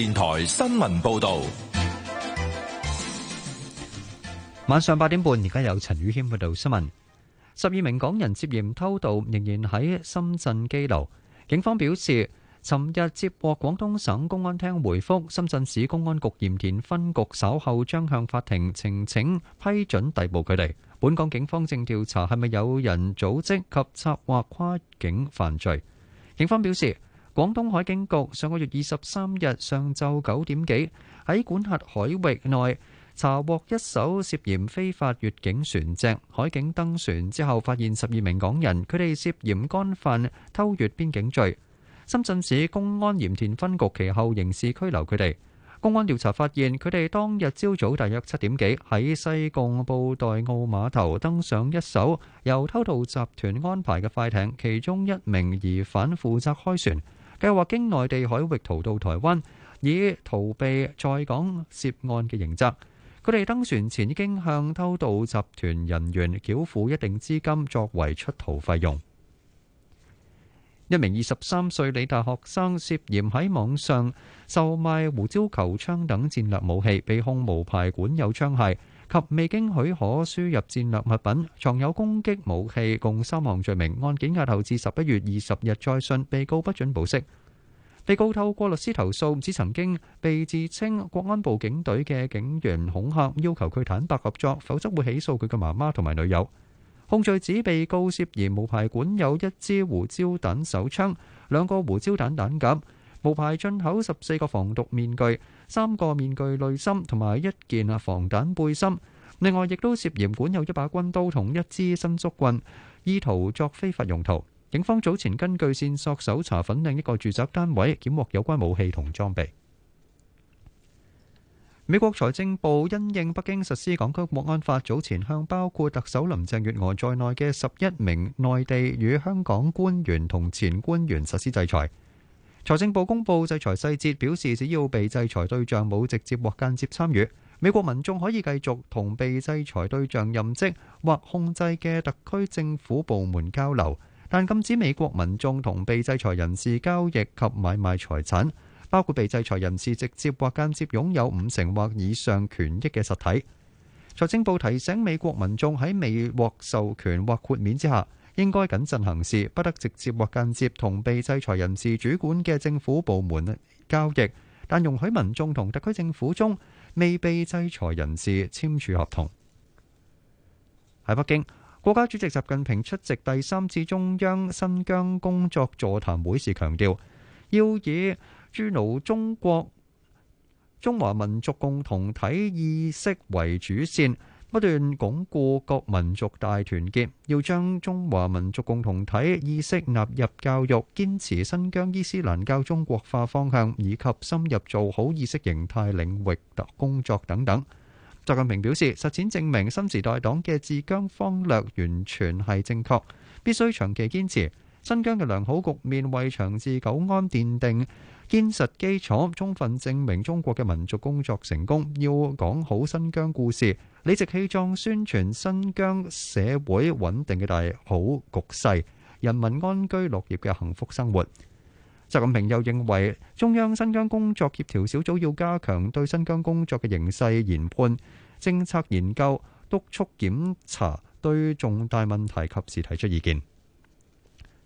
電台新聞報道，晚上八點半，而家有陳宇謙報道新聞。十二名港人涉嫌偷渡，仍然喺深圳羈留。警方表示，尋日接獲廣東省公安廳回覆，深圳市公安局鹽田分局稍後將向法庭呈請批准逮捕佢哋。本港警方正調查係咪有人組織及策劃跨境犯罪。警方表示，廣東海警局上個月二十三日上晝九點幾喺管轄海域內查獲一艘涉嫌非法越境船隻，海警登船之後發現十二名港人，佢哋涉嫌干犯偷越邊境罪。深圳市公安鹽田分局其後刑事拘留佢哋。公安調查發現，佢哋當日朝早大約七點幾喺西貢布袋澳碼頭登上一艘由偷渡集團安排嘅快艇，其中一名疑犯負責開船。計劃經內地海域逃到台灣，以逃避在港涉案嘅刑責。佢哋登船前已經向偷渡集團人員繳付一定資金作為出逃費用。一名二十三歲女大學生涉嫌喺網上售賣胡椒球槍等戰略武器，被控無牌管有槍械，及未經許可輸入戰略物品、藏有攻擊武器，共三項罪名。案件押後至十一月二十日再訊。被告不准保釋。被告透過律師投訴，指曾經被自稱國安部警隊嘅警員恐嚇，要求佢坦白合作，否則會起訴佢嘅媽媽同埋女友。控罪指被告涉嫌無牌管有一支胡椒彈手槍，兩個胡椒彈彈夾。無牌進口十四個防毒面具、三個面具濾芯同埋一件啊防彈背心，另外亦都涉嫌管有一把軍刀同一支伸縮棍，意圖作非法用途。警方早前根據線索搜查粉嶺一個住宅單位，檢獲有關武器同裝備。美國財政部因應北京實施港區國安法，早前向包括特首林鄭月娥在內嘅十一名內地與香港官員同前官員實施制裁。財政部公布制裁細節，表示只要被制裁對象冇直接或間接參與，美國民眾可以繼續同被制裁對象任職或控制嘅特區政府部門交流，但禁止美國民眾同被制裁人士交易及買賣財產，包括被制裁人士直接或間接擁有五成或以上權益嘅實體。財政部提醒美國民眾喺未獲授權或豁免之下，應該謹慎行事，不得直接或間接同被制裁人士主管嘅政府部門交易，但容許民眾同特區政府中未被制裁人士簽署合同。喺北京，國家主席習近平出席第三次中央新疆工作座談會時強調，要以鑄牢中國中華民族共同體意識為主線。不斷鞏固各民族大團結，要將中華民族共同體意識納入教育，堅持新疆伊斯蘭教中國化方向，以及深入做好意識形態領域工作等等。習近平表示，實踐證明新時代黨嘅治疆方略完全係正確，必須長期堅持。新疆嘅良好局面為長治久安奠定堅實基礎，充分證明中國嘅民族工作成功。要講好新疆故事，理直氣壯宣傳新疆社會穩定嘅大好局勢、人民安居樂業嘅幸福生活。習近平又認為，中央新疆工作協調小組要加強對新疆工作嘅形勢研判、政策研究、督促檢查，對重大問題及時提出意見。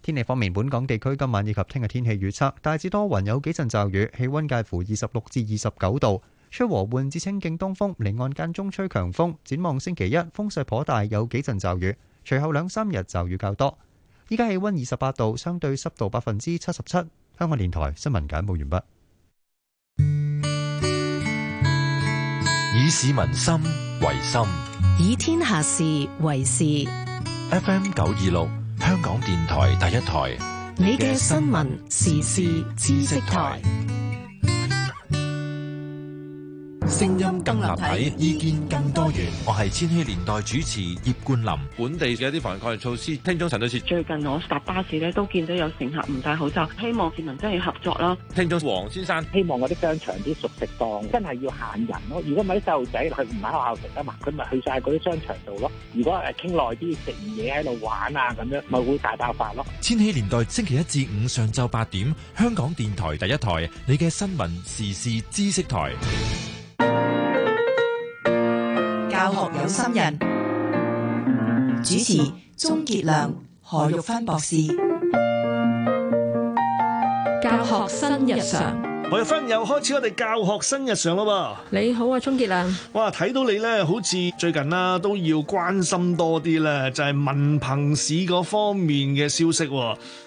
天氣方面，本港地區今晚以及聽日天氣預測大致多雲，有幾陣驟雨，氣溫介乎二十六至二十九度，吹和緩至清勁東風，離岸間中吹強風。展望星期一，風勢頗大，有幾陣驟雨，隨後兩三日驟雨較多。依家氣溫二十八度，相對濕度百分之七十七。香港電台新聞簡報完畢。以市民心為心，以天下事為事。F.M. 九二六。香港電台第一台，你嘅新聞時事知識台。聲音更立體，意見更多元。我係千禧年代主持葉冠林。本地嘅一啲防控措施，聽眾陳女士，最近我搭巴士咧，都見到有乘客唔戴口罩，希望市民真係合作啦。聽眾王先生，希望嗰啲商場啲熟食檔真係要限人咯。如果咪係啲細路仔，佢唔喺學校食啊嘛，佢咪去晒嗰啲商場度咯。如果誒傾耐啲，食完嘢喺度玩啊，咁樣咪會大爆發咯。千禧年代星期一至五上晝八點，香港電台第一台，你嘅新聞時事知識台。教學有心人，主持鍾杰良、何玉芬博士，教學新日常。我嘅分又開始，我哋教學新日常咯噃。你好啊，鍾傑良啊！哇，睇到你咧，好似最近啦都要關心多啲咧，就係文憑試嗰方面嘅消息。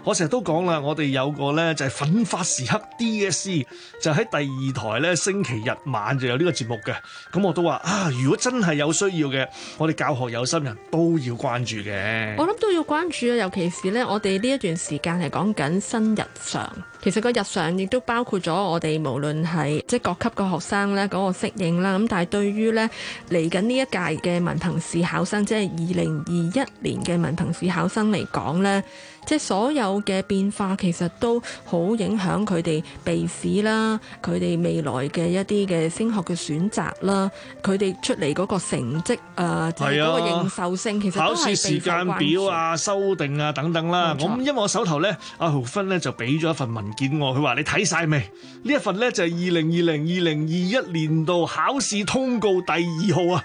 我成日都講啦，我哋有個咧就係奮發時刻 DSC，就喺第二台咧星期日晚就有呢個節目嘅。咁我都話啊，如果真係有需要嘅，我哋教學有心人都要關注嘅。我諗都要關注啊，尤其是咧，我哋呢一段時間係講緊新日常。其實個日常亦都包括咗我哋無論係即係各級個學生咧嗰個適應啦，咁但係對於咧嚟緊呢一屆嘅文憑試考生，即係二零二一年嘅文憑試考生嚟講咧。即係所有嘅變化其實都好影響佢哋備試啦，佢哋未來嘅一啲嘅升學嘅選擇啦，佢哋出嚟嗰個成績啊，即係嗰個認受性其實都考試時間表啊、修訂啊等等啦、啊。咁錯因為我手頭咧，阿豪芬咧就俾咗一份文件我，佢話你睇晒未？呢一份咧就係二零二零二零二一年度考試通告第二號啊。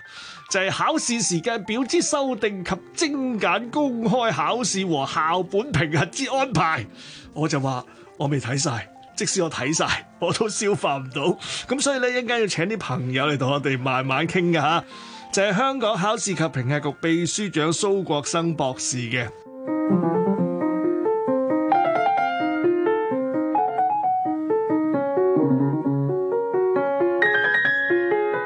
就係考試時間表之修訂及精簡公開考試和校本評核之安排。我說，我就話我未睇晒，即使我睇晒，我都消化唔到。咁所以呢，一陣間要請啲朋友嚟同我哋慢慢傾㗎吓。就係香港考試及評核局秘書長蘇國生博士嘅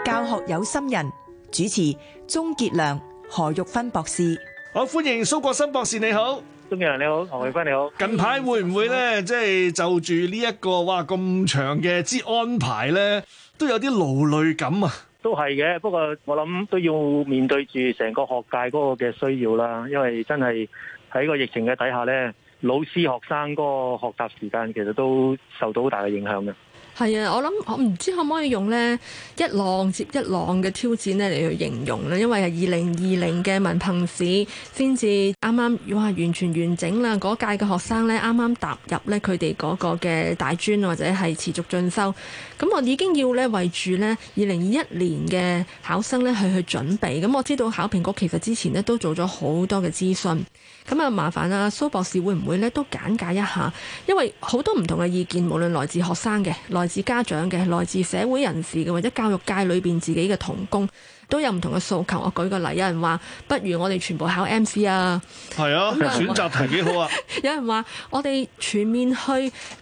教學有心人。主持鍾杰良、何玉芬博士，好歡迎蘇國生博士，你好，鍾杰良你好，何玉芬你好。近排會唔會咧，即係、嗯、就住呢一個哇咁長嘅之安排咧，都有啲勞累感啊？都係嘅，不過我諗都要面對住成個學界嗰個嘅需要啦，因為真係喺個疫情嘅底下咧，老師學生嗰個學習時間其實都受到好大嘅影響嘅。係啊，我諗我唔知可唔可以用呢一浪接一浪嘅挑戰呢嚟去形容呢，因為係二零二零嘅文憑試先至啱啱哇完全完整啦。嗰屆嘅學生呢，啱啱踏入呢佢哋嗰個嘅大專或者係持續進修，咁我已經要呢為住呢二零二一年嘅考生呢去去準備。咁我知道考評局其實之前呢都做咗好多嘅資訊咁啊，麻煩啊，蘇博士會唔會咧都簡介一下？因為好多唔同嘅意見，無論來自學生嘅、來自家長嘅、來自社會人士嘅，或者教育界裏面自己嘅同工，都有唔同嘅訴求。我舉個例，有人話不如我哋全部考 MC 啊，係啊，選擇題幾好啊！ 有人話我哋全面去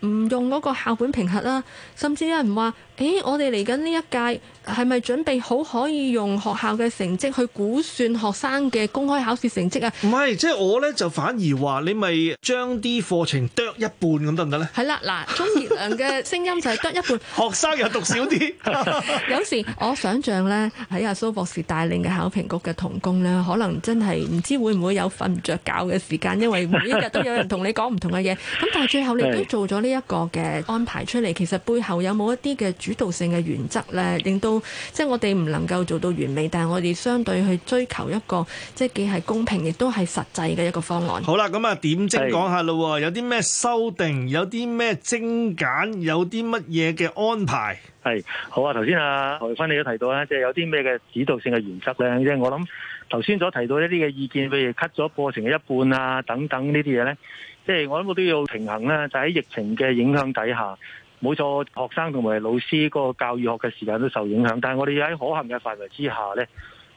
唔用嗰個校本評核啦，甚至有人話。誒，我哋嚟緊呢一屆係咪準備好可以用學校嘅成績去估算學生嘅公開考試成績啊？唔係，即係我呢就反而話你咪將啲課程剁一半咁得唔得呢？係啦，嗱，鍾傑良嘅聲音就係剁一半， 學生又讀少啲。 有時我想象呢，喺阿蘇博士帶領嘅考評局嘅同工呢，可能真係唔知會唔會有瞓唔着覺嘅時間，因為每一日都有人同你講唔同嘅嘢。咁但係最後你都做咗呢一個嘅安排出嚟，其實背後有冇一啲嘅？主導性嘅原則咧，令到即係我哋唔能夠做到完美，但係我哋相對去追求一個即係既係公平，亦都係實際嘅一個方案。好啦，咁啊點即講下咯是？有啲咩修訂，有啲咩精簡，有啲乜嘢嘅安排？係好啊！頭先啊，何玉芬你都提到咧，即係有啲咩嘅指導性嘅原則咧，即係我諗頭先所提到一啲嘅意見，譬如 cut 咗課程嘅一半啊，等等呢啲嘢咧，即係我諗都要平衡啦，就喺疫情嘅影響底下。冇錯，學生同埋老師個教育學嘅時間都受影響，但係我哋喺可行嘅範圍之下咧，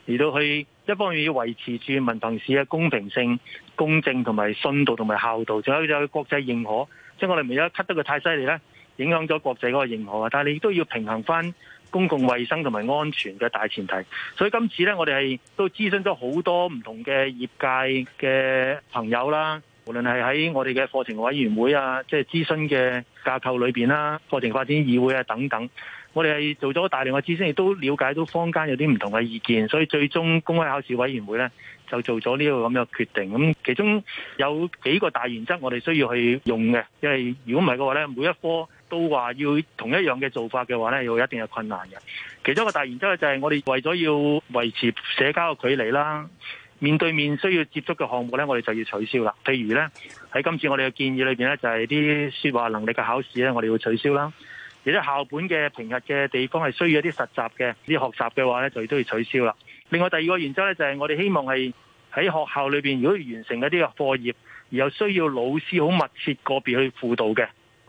嚟到去一方面要維持住文憑試嘅公平性、公正同埋信度同埋效度，仲有就國際認可，即係我哋唔而家 cut 得佢太犀利咧，影響咗國際嗰個認可。但係你亦都要平衡翻公共衛生同埋安全嘅大前提，所以今次咧，我哋係都諮詢咗好多唔同嘅業界嘅朋友啦。無論係喺我哋嘅課程委員會啊，即係諮詢嘅架構裏邊啦，課程發展議會啊等等，我哋係做咗大量嘅諮詢，亦都了解到坊間有啲唔同嘅意見，所以最終公開考試委員會咧就做咗呢個咁樣嘅決定。咁其中有幾個大原則，我哋需要去用嘅，因為如果唔係嘅話咧，每一科都話要同一樣嘅做法嘅話咧，又一定有困難嘅。其中一個大原則就係我哋為咗要維持社交嘅距離啦。面對面需要接觸嘅項目咧，我哋就要取消啦。譬如咧，喺今次我哋嘅建議裏面咧，就係、是、啲說話能力嘅考試咧，我哋要取消啦。而且校本嘅評核嘅地方係需要一啲實習嘅、啲學習嘅話咧，就都要取消啦。另外第二個原則咧，就係、是、我哋希望係喺學校裏面，如果要完成一啲嘅課業，而又需要老師好密切個別去輔導嘅，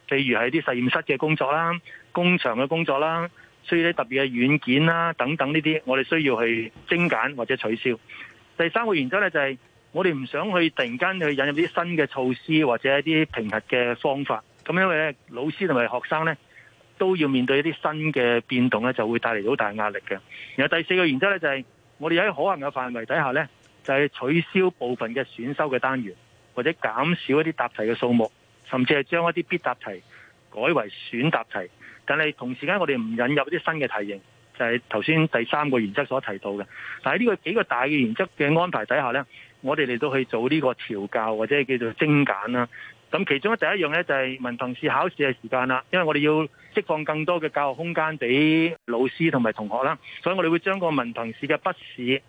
譬如係啲實驗室嘅工作啦、工場嘅工作啦，需要啲特別嘅軟件啦等等呢啲，我哋需要去精簡或者取消。第三個原則咧，就係我哋唔想去突然間去引入啲新嘅措施或者一啲平衡嘅方法，咁因為老師同埋學生咧都要面對一啲新嘅變動咧，就會帶嚟好大壓力嘅。然後第四個原則咧，就係我哋喺可行嘅範圍底下咧，就係取消部分嘅選修嘅單元，或者減少一啲答題嘅數目，甚至係將一啲必答題改為選答題。但係同時間我哋唔引入一啲新嘅題型。就係頭先第三個原則所提到嘅，但係呢個幾個大嘅原則嘅安排底下呢，我哋嚟到去做呢個調教或者叫做精簡啦。咁其中一第一樣呢，就係文憑試考試嘅時間啦，因為我哋要釋放更多嘅教學空間俾老師同埋同學啦，所以我哋會將個文憑試嘅筆試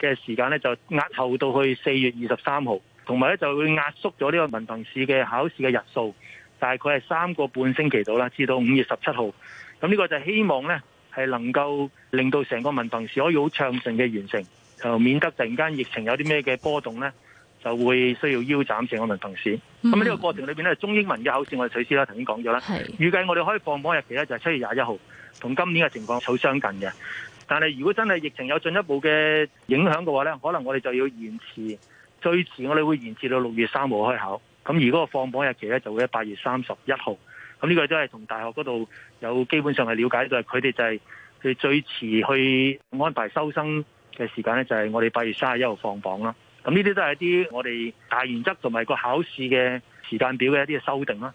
嘅時間呢，就壓後到去四月二十三號，同埋咧就會壓縮咗呢個文憑試嘅考試嘅日數，大概係三個半星期到啦，至到五月十七號。咁呢個就希望呢，係能夠令到成個文憑試可以好暢順嘅完成，就免得突然間疫情有啲咩嘅波動呢，就會需要腰斬成個文憑試。咁喺呢個過程裏邊咧，中英文嘅考試我哋取消啦，頭先講咗啦。是預計我哋可以放榜日期咧就係、是、七月廿一號，同今年嘅情況好相近嘅。但係如果真係疫情有進一步嘅影響嘅話呢，可能我哋就要延遲，最遲我哋會延遲到六月三號開考。咁如果個放榜日期咧就會喺八月三十一號。咁呢個都係同大學嗰度有基本上係了解到，佢哋就係佢最遲去安排收生嘅時間咧，就係我哋八月三十一號放榜啦。咁呢啲都係一啲我哋大原則同埋個考試嘅時間表嘅一啲嘅修訂啦。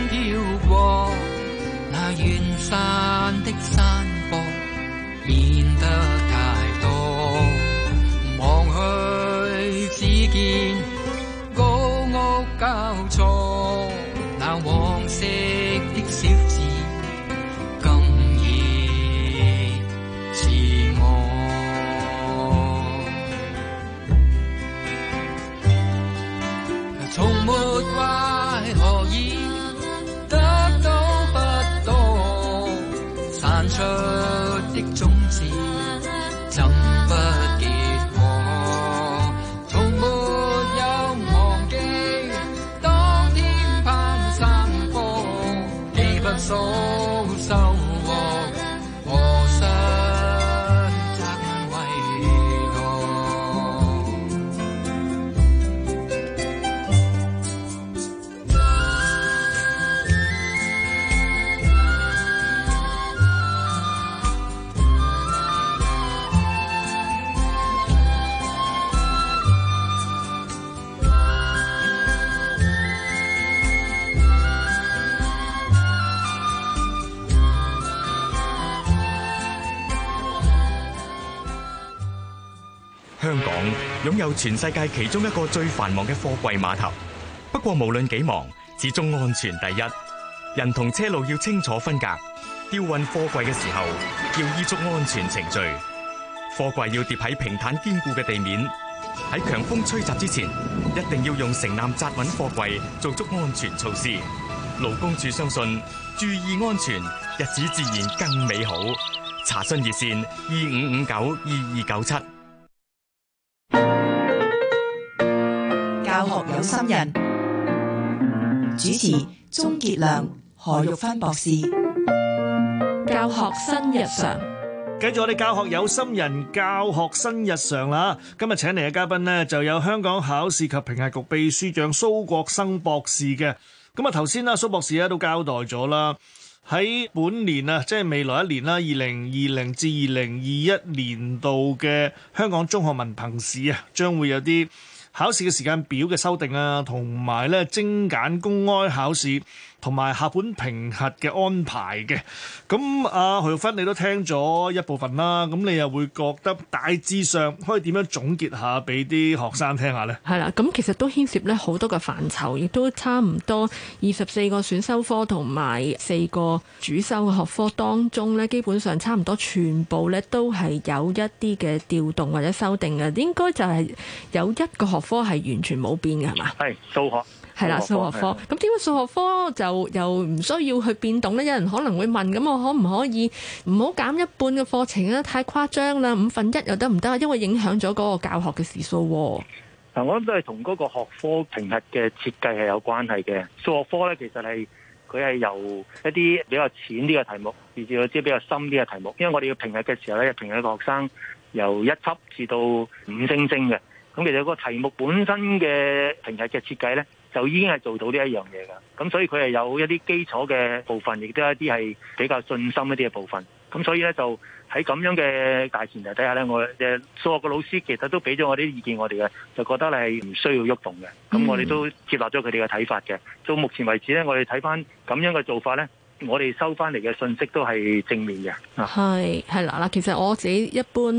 擁有全世界其中一個最繁忙嘅貨櫃碼頭，不過無論幾忙，始終安全第一。人同車路要清楚分隔，吊運貨櫃嘅時候要依足安全程序。貨櫃要疊喺平坦堅固嘅地面，喺強風吹襲之前，一定要用繩纜紮穩貨櫃，做足安全措施。勞工處相信，注意安全，日子自然更美好。查詢熱線：二五五九二二九七。教學有心人主持：鍾杰良、何玉芬博士。教學新日常，繼續我哋教學有心人教學新日常啦。今日請嚟嘅嘉賓呢，就有香港考試及評核局秘書長蘇國生博士嘅。咁啊，頭先啦，蘇博士咧都交代咗啦，喺本年啊，即係未來一年啦，二零二零至二零二一年度嘅香港中學文憑試啊，將會有啲。考試嘅時間表嘅修訂啊，同埋咧精簡公開考試，同埋校本評核嘅安排嘅，咁阿何玉芬你都聽咗一部分啦，咁你又會覺得大致上可以點樣總結下俾啲學生聽下呢？係啦，咁其實都牽涉咧好多嘅範疇，亦都差唔多二十四個選修科同埋四個主修嘅學科當中呢，基本上差唔多全部呢都係有一啲嘅調動或者修訂嘅，應該就係有一個學科係完全冇變嘅，係嘛？係數學。係啦，數學科咁點解數學科就又唔需要去變動咧？有人可能會問：咁我可唔可以唔好減一半嘅課程咧、啊？太誇張啦！五分一又得唔得啊？因為影響咗嗰個教學嘅時數、啊。嗱、嗯，我諗都係同嗰個學科評核嘅設計係有關係嘅。數學科咧其實係佢係由一啲比較淺啲嘅題目，以至於比較深啲嘅題目。因為我哋要評核嘅時候咧，評核嘅學生由一級至到五星星嘅，咁其實嗰個題目本身嘅評核嘅設計咧。就已經係做到呢一樣嘢嘅，咁所以佢係有一啲基礎嘅部分，亦都有一啲係比較信心一啲嘅部分。咁所以咧，就喺咁樣嘅大前提底下咧，我數學嘅老師其實都俾咗我啲意見我哋嘅，就覺得你係唔需要喐動嘅。咁我哋都接納咗佢哋嘅睇法嘅。到目前為止咧，我哋睇翻咁樣嘅做法咧。我哋收翻嚟嘅信息都係正面嘅，係係啦啦。其實我自己一般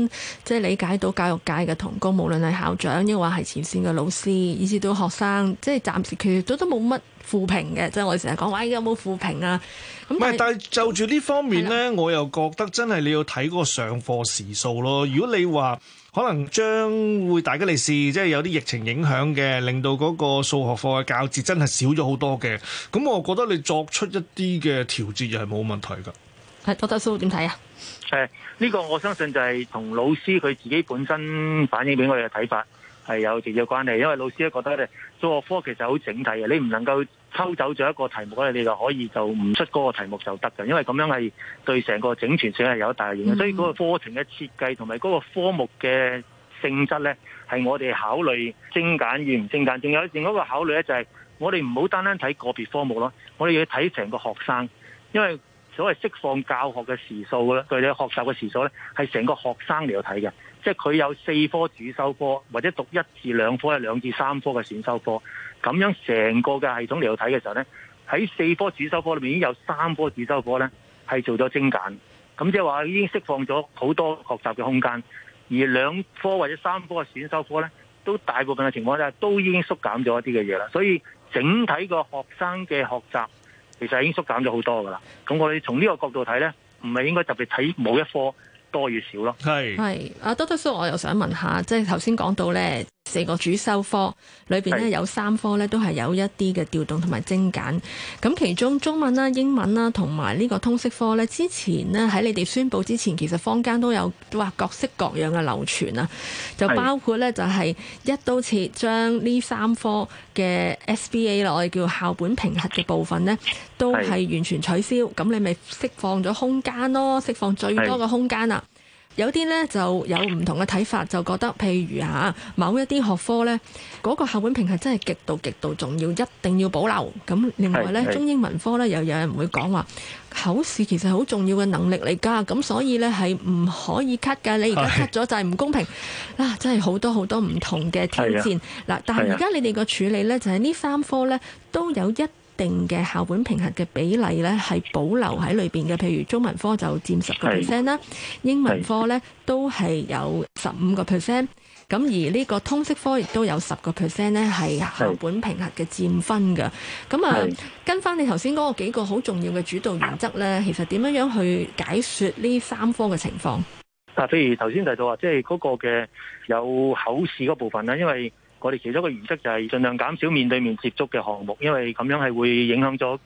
即係理解到教育界嘅同工，無論係校長亦或係前線嘅老師，以至到學生，即係暫時佢都都冇乜負評嘅。即係我哋成日講話，哎，有冇負評啊？唔係，但係就住呢方面呢，的我又覺得真係你要睇嗰個上課時數咯。如果你話，可能將會大吉利是，即係有啲疫情影響嘅，令到嗰個數學課嘅教節真係少咗好多嘅。咁我覺得你作出一啲嘅調節又係冇問題噶。係 Doctor 蘇點睇啊？誒，呢個我相信就係同老師佢自己本身反映俾我哋嘅睇法係有直接關係，因為老師覺得咧數學科其實好整體嘅，你唔能夠。抽走咗一個題目咧，你就可以就唔出嗰個題目就得㗎。因為咁樣係對成個整全性係有大影響。嗯、所以嗰個課程嘅設計同埋嗰個科目嘅性質咧，係我哋考慮精簡與唔精簡。仲有另一個考慮咧，就係我哋唔好單單睇個別科目咯，我哋要睇成個學生，因為所謂釋放教學嘅時數咧，或者學習嘅時數咧，係成個學生嚟到睇嘅，即係佢有四科主修科，或者讀一至兩科，或者兩至三科嘅選修科，咁樣成個嘅系統嚟到睇嘅時候咧，喺四科主修科裏面已經有三科主修科咧係做咗精簡，咁即係話已經釋放咗好多學習嘅空間，而兩科或者三科嘅選修科咧，都大部分嘅情況下，都已經縮減咗一啲嘅嘢啦，所以整體個學生嘅學習，其實已經縮減咗好多噶啦，咁我哋從呢個角度睇咧，唔係應該特別睇某一科多與少咯。係係是，阿 Dr 叔，我又想問下，即係頭先講到咧。四個主修科裏邊咧有三科咧都係有一啲嘅調動同埋精簡，咁其中中文啦、英文啦同埋呢個通識科咧，之前咧喺你哋宣布之前，其實坊間都有話各式各樣嘅流傳啊，就包括咧是就係一刀切將呢三科嘅 SBA 我哋叫校本評核嘅部分咧，都係完全取消，咁是你咪釋放咗空間咯，釋放最多嘅空間啊！有啲咧就有唔同嘅睇法，就覺得譬如吓某一啲學科呢嗰、那個校本評係真係極度極度重要，一定要保留。咁另外呢，中英文科呢又有人唔會講話口試其實好重要嘅能力嚟㗎，咁所以呢，係唔可以 cut 㗎。你而家 cut 咗就係唔公平。是啊，真係好多好多唔同嘅挑戰。嗱的，但係而家你哋個處理呢，就係、是、呢三科呢都有一。定嘅校本評核嘅比例咧，係保留喺裏邊嘅。譬如中文科就佔十個 percent 啦，是英文科咧是都係有十五個 percent。咁而呢個通識科亦都有十個 percent 咧，係校本評核嘅佔分嘅。咁是啊，是跟翻你頭先嗰個幾個好重要嘅主導原則咧，其實點樣樣去解說呢三科嘅情況？嗱，譬如頭先提到話，即係嗰個嘅有口試嗰部分啦，因為。我哋其中一個原則就係盡量減少面對面接觸嘅項目，因為咁樣係會影響咗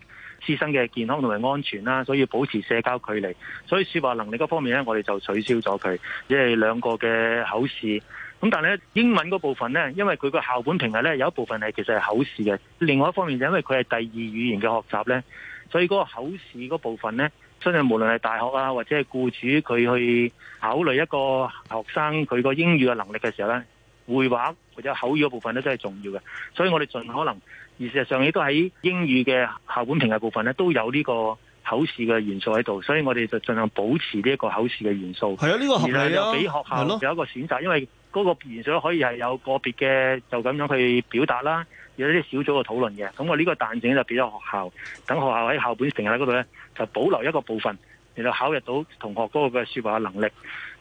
師生嘅健康同埋安全啦，所以要保持社交距離。所以説話能力嗰方面咧，我哋就取消咗佢，即係兩個嘅口試。咁但係咧，英文嗰部分咧，因為佢個校本評價咧有一部分係其實係口試嘅。另外一方面就因為佢係第二語言嘅學習咧，所以嗰個口試嗰部分咧，相信無論係大學啊或者係僱主佢去考慮一個學生佢個英語嘅能力嘅時候咧。會話或者口語的部分咧都係重要嘅，所以我哋盡可能，而事實上亦都喺英語嘅校本評核部分咧都有呢個口試嘅元素喺度，所以我哋就盡量保持呢一個口試嘅元素。係啊，呢、這個係咪咯？係咯。有俾學校有一個選擇，的因為嗰個元素可以係有個別嘅就咁樣去表達啦，有啲小組嘅討論嘅。咁我呢個彈性就俾咗學校，等學校喺校本評核嗰度咧就保留一個部分，然後考驗到同學嗰個嘅説話能力。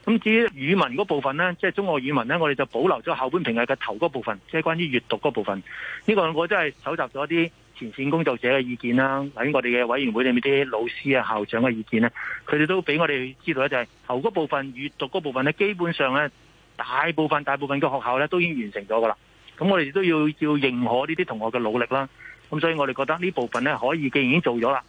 咁至於語文嗰部分咧，即係中國語文咧，我哋就保留咗校本評核嘅頭嗰部分，即係關於閱讀嗰部分。呢個我真係搜集咗啲前線工作者嘅意見啦，喺我哋嘅委員會裏面啲老師啊、校長嘅意見咧，佢哋都俾我哋知道咧，就係頭嗰部分閱讀嗰部分咧，基本上咧，大部分大部分嘅學校咧，都已經完成咗噶啦。咁我哋都要要認可呢啲同學嘅努力啦。咁所以我哋覺得呢部分咧可以既然已經做咗啦，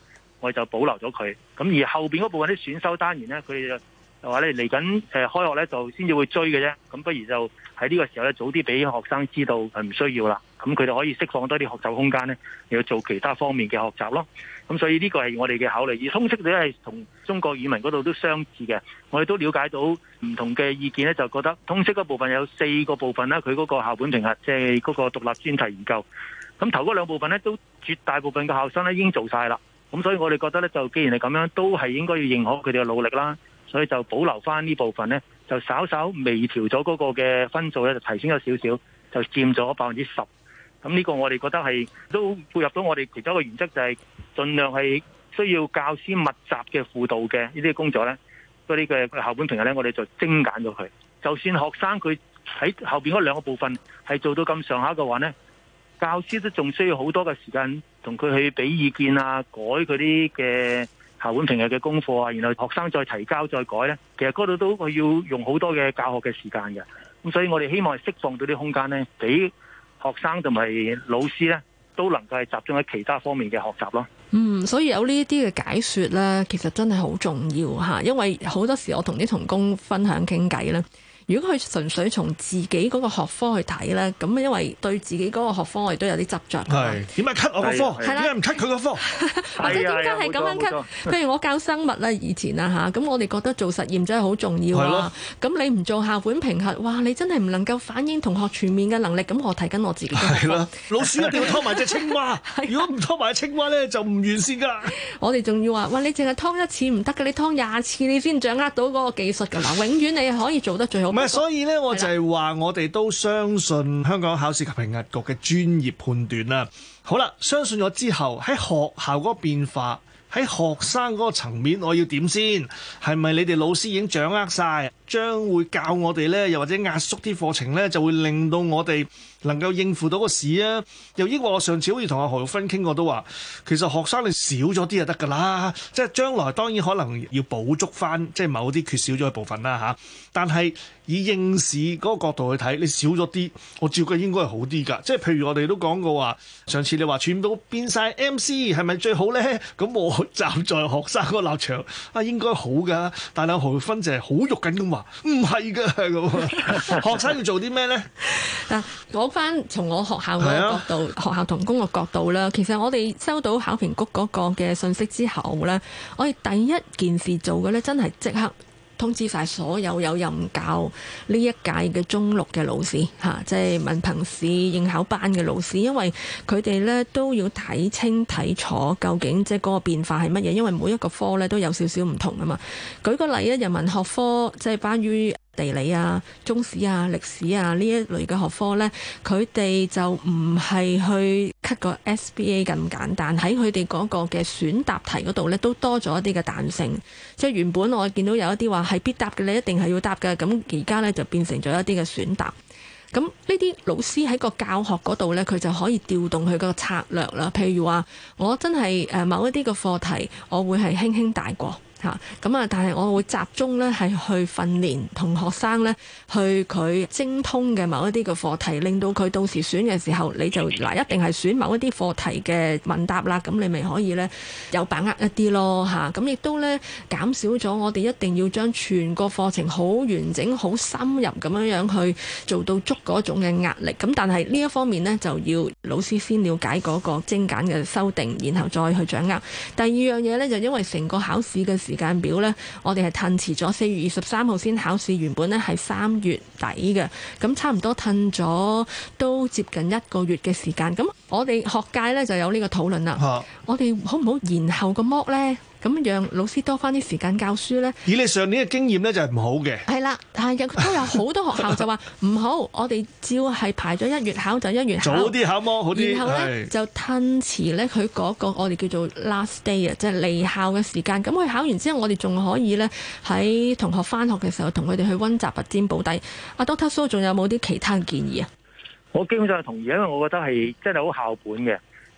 我哋就保留咗佢。咁而後邊嗰部分啲選修單元咧，佢就話咧嚟緊誒，開學咧就先至會追嘅啫。咁不如就喺呢個時候咧，早啲俾學生知道係唔需要啦。咁佢哋可以釋放多啲學習空間咧，要做其他方面嘅學習咯。咁所以呢個係我哋嘅考慮。而通識者係同中國語文嗰度都相似嘅。我哋都了解到唔同嘅意見咧，就覺得通識嗰部分有四個部分啦。佢嗰個校本評核，即係嗰個獨立專題研究。咁頭嗰兩部分咧，都絕大部分嘅學生咧已經做晒啦。咁所以我哋覺得咧，就既然係咁樣，都係應該要認可佢哋嘅努力啦。所以就保留翻呢部分咧，就稍稍微調咗嗰個嘅分數咧，就提升咗少少，就佔咗百分之十。咁呢個我哋覺得係都配合到我哋其中一個原則，就係盡量係需要教師密集嘅輔導嘅呢啲工作咧，嗰啲嘅後半平日咧，我哋就精簡咗佢。就算學生佢喺後面嗰兩個部分係做到咁上下嘅話咧，教師都仲需要好多嘅時間同佢去俾意見啊，改佢啲嘅。校本平日嘅功課啊，然後學生再提交再改咧，其實嗰度都佢要用好多嘅教學嘅時間嘅，咁所以我哋希望係釋放到啲空間呢，俾學生同埋老師呢，都能夠係集中喺其他方面嘅學習咯。嗯，所以有呢啲嘅解説呢，其實真係好重要嚇，因為好多時我同啲同工分享傾偈呢。如果佢純粹從自己嗰個學科去睇咧，咁因為對自己嗰個學科也是我哋都有啲執着。係點解 cut 我個科？係點解唔 cut 佢個科？ 或者點解係咁樣 cut？譬、啊啊、如我教生物啦，以前啦吓，咁、啊、我哋覺得做實驗真係好重要啊！咁、啊、你唔做校本評核，哇！你真係唔能夠反映同學全面嘅能力，咁我睇緊我自己。係、啊 啊、老鼠一定要拖埋隻青蛙。如果唔拖埋隻青蛙咧，就唔完善㗎。我哋仲要話：哇！你淨係拖一次唔得㗎，你拖廿次你先掌握到嗰個技術㗎嘛、啊！永遠你可以做得最好。所以咧，我就係話，我哋都相信香港考試及評核局嘅專業判斷啦。好啦，相信咗之後，喺學校嗰個變化，喺學生嗰個層面，我要點先？係咪你哋老師已經掌握晒？將會教我哋呢，又或者壓縮啲課程呢，就會令到我哋能夠應付到個試啊！又抑或我上次好似同阿何玉芬傾過都話，其實學生你少咗啲就得㗎啦。即係將來當然可能要補足翻，即係某啲缺少咗嘅部分啦吓。但係以應試嗰個角度去睇，你少咗啲，我照計應該係好啲㗎。即係譬如我哋都講過話，上次你話全部變晒 MC 係咪最好呢？咁我站在學生嗰個立場啊，應該好㗎。但係何玉芬就係好肉緊咁唔係噶，學生要做啲咩呢？嗱，講翻從我學校嘅角度，的學校同工嘅角度啦，其實我哋收到考評局嗰個嘅信息之後呢，我哋第一件事做嘅呢，真係即刻，通知晒所有有任教呢一屆嘅中六嘅老師吓，即係文憑試應考班嘅老師，因為佢哋咧都要睇清睇楚究竟即係嗰個變化係乜嘢，因為每一個科咧都有少少唔同啊嘛。舉個例咧，人文學科即係關於。就是地理啊、中史啊、歷史啊呢一類嘅學科呢，佢哋就唔係去 cut 個 SBA 咁簡單，喺佢哋嗰個嘅選答題嗰度呢，都多咗一啲嘅彈性。即係原本我見到有一啲話係必答嘅，你一定係要答嘅，咁而家呢，就變成咗一啲嘅選答。咁呢啲老師喺個教學嗰度呢，佢就可以調動佢個策略啦。譬如話，我真係誒某一啲嘅課題，我會係輕輕帶過。嚇咁啊！但係我會集中咧係去訓練同學生咧，去佢精通嘅某一啲嘅課題，令到佢到時選嘅時候，你就嗱，一定係選某一啲課題嘅問答啦。咁你咪可以咧有把握一啲咯，吓，咁亦都咧減少咗我哋一定要將全個課程好完整、好深入咁樣樣去做到足嗰種嘅壓力。咁但係呢一方面咧就要老師先了解嗰個精簡嘅修訂，然後再去掌握。第二樣嘢咧就因為成個考試嘅。時間表咧，我哋係褪遲咗四月二十三號先考試。原本咧係三月底嘅，咁差唔多褪咗都。都接近一個月嘅時間，咁我哋學界咧就有呢個討論啦。啊、我哋好唔好延後個模呢？咁讓老師多翻啲時間教書呢？以你上年嘅經驗咧，就係唔好嘅。係啦，但係亦都有好多學校就話唔 好。我哋只要係排咗一月考就一月考早啲考模好啲，然後咧是就吞遲咧佢嗰個我哋叫做 last day 啊，即係離校嘅時間。咁佢考完之後，我哋仲可以咧喺同學翻學嘅時候同佢哋去溫習拔尖補底。阿 Doctor 蘇仲有冇啲其他嘅建議啊？我基本上係同意，因為我覺得係真係好校本嘅。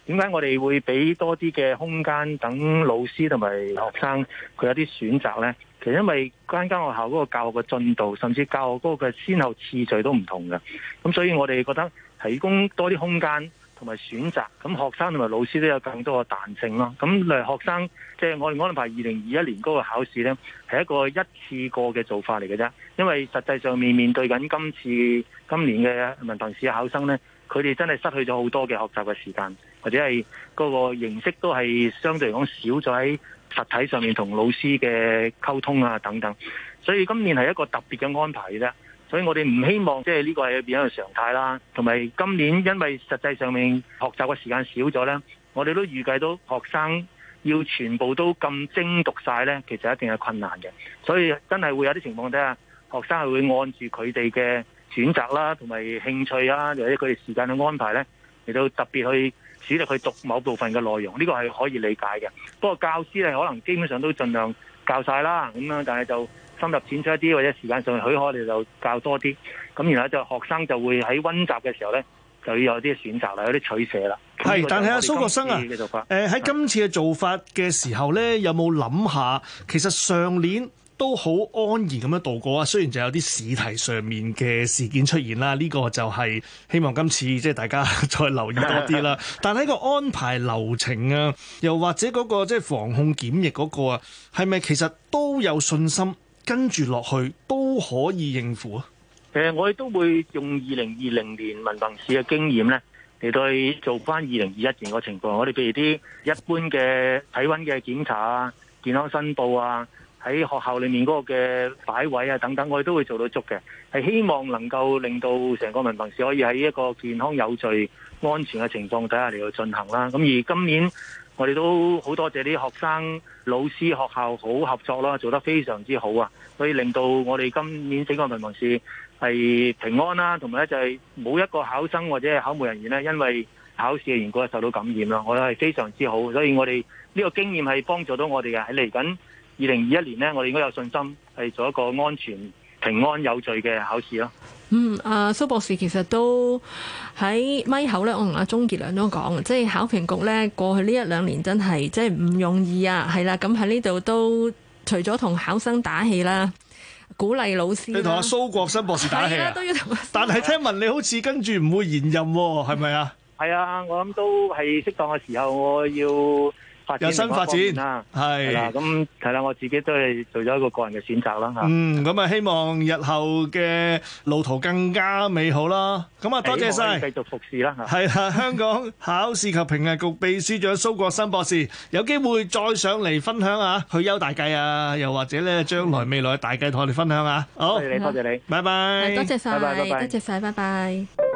點解我哋會俾多啲嘅空間等老師同埋學生佢有啲選擇咧？其實因為間間學校嗰個教學嘅進度，甚至教學嗰個嘅先後次序都唔同嘅。咁所以我哋覺得提供多啲空間。同埋選擇，咁學生同埋老師都有更多嘅彈性咯。咁嚟學生，即係我哋安排二零二一年嗰個考試呢，係一個一次過嘅做法嚟嘅啫。因為實際上面面對緊今次今年嘅文憑試考生呢，佢哋真係失去咗好多嘅學習嘅時間，或者係嗰個形式都係相對嚟講少咗喺實體上面同老師嘅溝通啊等等。所以今年係一個特別嘅安排嘅啫。所以我哋唔希望即係呢個係變咗個常態啦，同埋今年因為實際上面學習嘅時間少咗咧，我哋都預計到學生要全部都咁精讀晒咧，其實一定係困難嘅。所以真係會有啲情況底下，學生係會按住佢哋嘅選擇啦，同埋興趣啊，或者佢哋時間嘅安排咧，嚟到特別去處理去讀某部分嘅內容，呢個係可以理解嘅。不過教師係可能基本上都盡量教晒啦，咁樣，但係就。深入淺出一啲，或者時間上面許可較，你就教多啲咁。然後就學生就會喺溫習嘅時候咧，就要有啲選擇啦，有啲取捨啦。係是，但係阿蘇國生啊，誒喺法、呃、今次嘅做法嘅時候咧，嗯、有冇諗下其實上年都好安然咁樣度過啊？雖然就有啲試題上面嘅事件出現啦，呢、這個就係希望今次即係大家 再留意多啲啦。 但係個安排流程啊，又或者嗰、那個即係防控檢疫嗰、那個啊，係咪其實都有信心？跟住落去都可以應付啊！誒、呃，我哋都會用二零二零年文憑試嘅經驗咧嚟到去做翻二零二一年個情況。我哋譬如啲一,一般嘅體溫嘅檢查啊、健康申報啊、喺學校裏面嗰個嘅擺位啊等等，我哋都會做到足嘅。係希望能夠令到成個文憑試可以喺一個健康有序、安全嘅情況底下嚟到進行啦。咁而今年。我哋都好多謝啲學生、老師、學校好合作咯，做得非常之好啊！所以令到我哋今年整個文憑試係平安啦，同埋咧就係冇一個考生或者考務人員咧，因為考試嘅緣故受到感染啦。我覺得係非常之好，所以我哋呢個經驗係幫助到我哋嘅，喺嚟緊二零二一年咧，我哋應該有信心係做一個安全、平安、有序嘅考試咯。嗯，阿、啊、蘇博士其實都喺咪口咧，我同阿鍾傑良都講，即係考評局咧過去呢一兩年真係即係唔容易啊，係啦、啊，咁喺呢度都除咗同考生打氣啦，鼓勵老師，你同阿、啊、蘇國生博士打氣、啊，但係聽聞你好似跟住唔會延任喎，係咪啊？係啊，啊，我諗都係適當嘅時候，我要。有新發展啦，係啦，咁係啦，我自己都係做咗一個個人嘅選擇啦嚇。嗯，咁啊，希望日後嘅路途更加美好啦。咁啊，多謝曬，繼續服侍啦嚇。係啊，香港考試及評核局秘書長蘇國生博士，有機會再上嚟分享啊，退休大計啊，又或者咧，將來未來大計同我哋分享啊。好，多謝你，多謝你，拜拜。多謝曬，拜拜，多謝曬，拜拜。